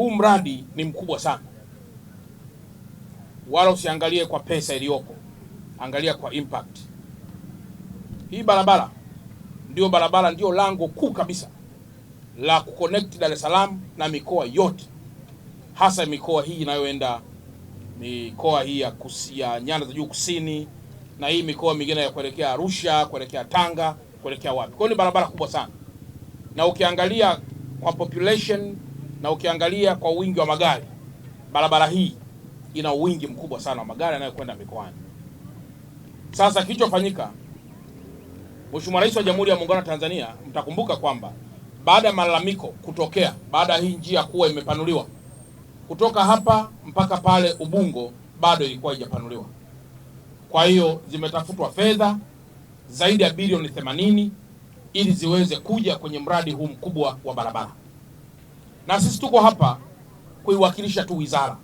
huu mradi ni mkubwa sana, wala usiangalie kwa pesa iliyopo, angalia kwa impact. Hii barabara ndio barabara ndio lango kuu kabisa la kuconnect Dar es Salaam na mikoa yote, hasa mikoa hii inayoenda mikoa hii ya kusia, nyanda za juu kusini na hii mikoa mingine ya kuelekea Arusha, kuelekea Tanga, kuelekea wapi. Kwa hiyo ni barabara kubwa sana, na ukiangalia kwa population na ukiangalia kwa wingi wa magari, barabara hii ina wingi mkubwa sana wa magari yanayokwenda mikoani. Sasa kilichofanyika, Mheshimiwa Rais wa Jamhuri ya Muungano wa Tanzania, mtakumbuka kwamba baada ya malalamiko kutokea, baada ya hii njia kuwa imepanuliwa kutoka hapa mpaka pale Ubungo, bado ilikuwa haijapanuliwa. Kwa hiyo zimetafutwa fedha zaidi ya bilioni 80 ili ziweze kuja kwenye mradi huu mkubwa wa barabara na sisi tuko hapa kuiwakilisha tu wizara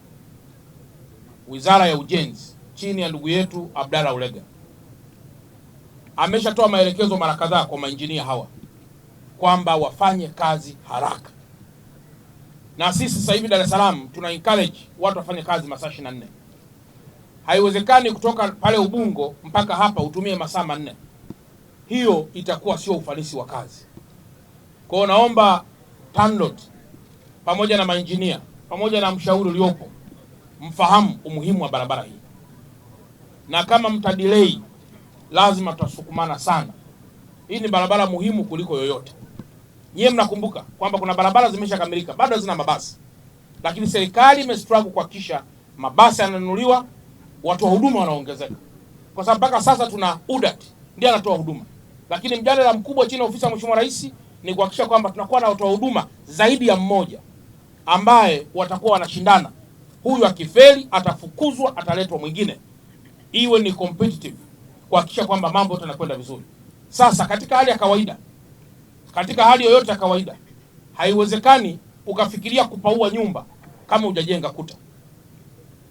wizara ya ujenzi chini ya ndugu yetu Abdalla Ulega. Ameshatoa maelekezo mara kadhaa kwa mainjinia hawa kwamba wafanye kazi haraka, na sisi sasa hivi Dar es Salaam tuna encourage watu wafanye kazi masaa 24. Haiwezekani kutoka pale Ubungo mpaka hapa utumie masaa manne, hiyo itakuwa sio ufanisi wa kazi. kwao naomba TANROADS pamoja na mainjinia pamoja na mshauri uliopo mfahamu umuhimu wa barabara hii, na kama mtadilei, lazima tutasukumana sana. Hii ni barabara muhimu kuliko yoyote. Nyie mnakumbuka kwamba kuna barabara zimeshakamilika bado hazina mabasi, lakini serikali imestruggle kuhakikisha mabasi yananunuliwa, watu wa huduma wanaongezeka, kwa sababu mpaka sasa tuna UDAT ndiye anatoa huduma, lakini mjadala mkubwa chini ya ofisi ya Mheshimiwa Rais ni kuhakikisha kwamba tunakuwa na watoa huduma zaidi ya mmoja ambaye watakuwa wanashindana. Huyu akifeli atafukuzwa, ataletwa mwingine, iwe ni competitive kuhakikisha kwamba mambo yote yanakwenda vizuri. Sasa katika hali ya kawaida, katika hali yoyote ya kawaida, haiwezekani ukafikiria kupaua nyumba kama hujajenga kuta.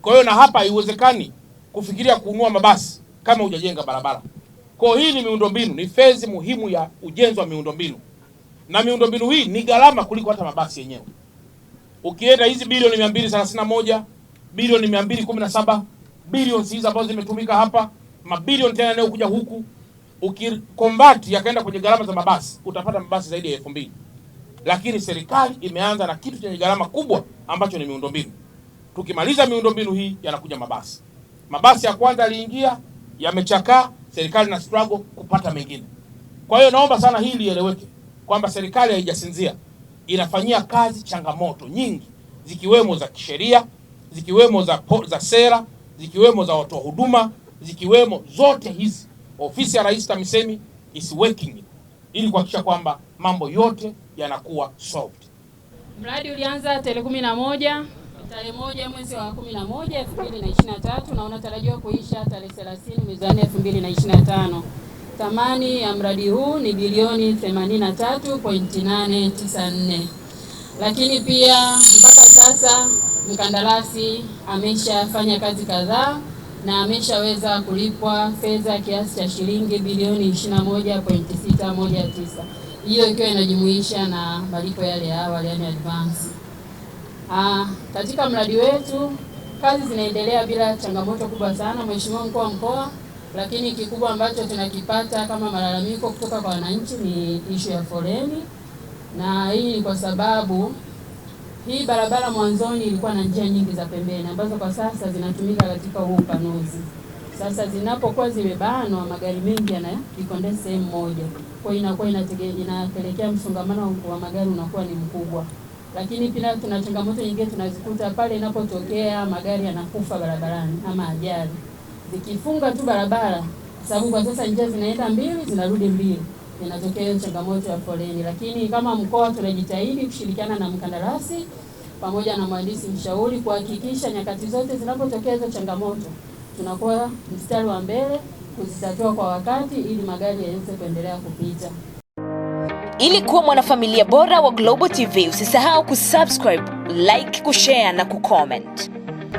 Kwa hiyo na hapa haiwezekani kufikiria kununua mabasi kama hujajenga barabara. Kwa hiyo hii ni miundombinu, ni fezi muhimu ya ujenzi wa miundombinu, na miundombinu hii ni gharama kuliko hata mabasi yenyewe. Ukienda hizi bilioni 231, bilioni 217, bilioni hizi ambazo zimetumika hapa, mabilioni tena yanayokuja huku, ukikombati yakaenda kwenye gharama za mabasi, utapata mabasi zaidi ya 2000. Lakini serikali imeanza na kitu chenye gharama kubwa ambacho ni miundombinu. Tukimaliza miundombinu hii, yanakuja mabasi. Mabasi ya kwanza yaliingia, yamechakaa, serikali na struggle kupata mengine. Kwa hiyo naomba sana hili lieleweke kwamba serikali haijasinzia inafanyia kazi changamoto nyingi zikiwemo za kisheria, zikiwemo za, za sera, zikiwemo za watoa huduma, zikiwemo zote hizi. Ofisi ya Rais TAMISEMI is working ili kuhakikisha kwamba mambo yote yanakuwa solved. Mradi ulianza tarehe 11 tarehe moja mwezi wa 11 2023 na unatarajiwa kuisha tarehe 30 mwezi wa 2025. Thamani ya mradi huu ni bilioni 83.894, lakini pia mpaka sasa mkandarasi ameshafanya kazi kadhaa na ameshaweza kulipwa fedha kiasi cha shilingi bilioni 21.619, hiyo ikiwa inajumuisha na malipo yale ya awali, yani advance. Ah, katika mradi wetu kazi zinaendelea bila changamoto kubwa sana, Mheshimiwa Mkuu wa Mkoa lakini kikubwa ambacho tunakipata kama malalamiko kutoka kwa wananchi ni ishu ya foleni, na hii ni kwa sababu hii barabara mwanzoni ilikuwa na njia nyingi za pembeni ambazo kwa sasa zinatumika katika huu upanuzi. Sasa zinapokuwa zimebanwa, magari mengi yanajikonde sehemu moja, kwa hiyo inakuwa inapelekea msongamano wa magari unakuwa ni mkubwa. Lakini pia tuna changamoto nyingine tunazikuta pale inapotokea magari yanakufa barabarani ama ajali zikifunga tu barabara, sababu kwa sasa njia zinaenda mbili zinarudi mbili, inatokea hiyo changamoto ya foleni. Lakini kama mkoa tunajitahidi kushirikiana na mkandarasi pamoja na mhandisi mshauri kuhakikisha nyakati zote zinapotokea hizo changamoto tunakuwa mstari wa mbele kuzitatua kwa wakati ili magari yaweze kuendelea kupita. Ili kuwa mwanafamilia bora wa Global TV, usisahau kusubscribe, like, kushare na kucomment.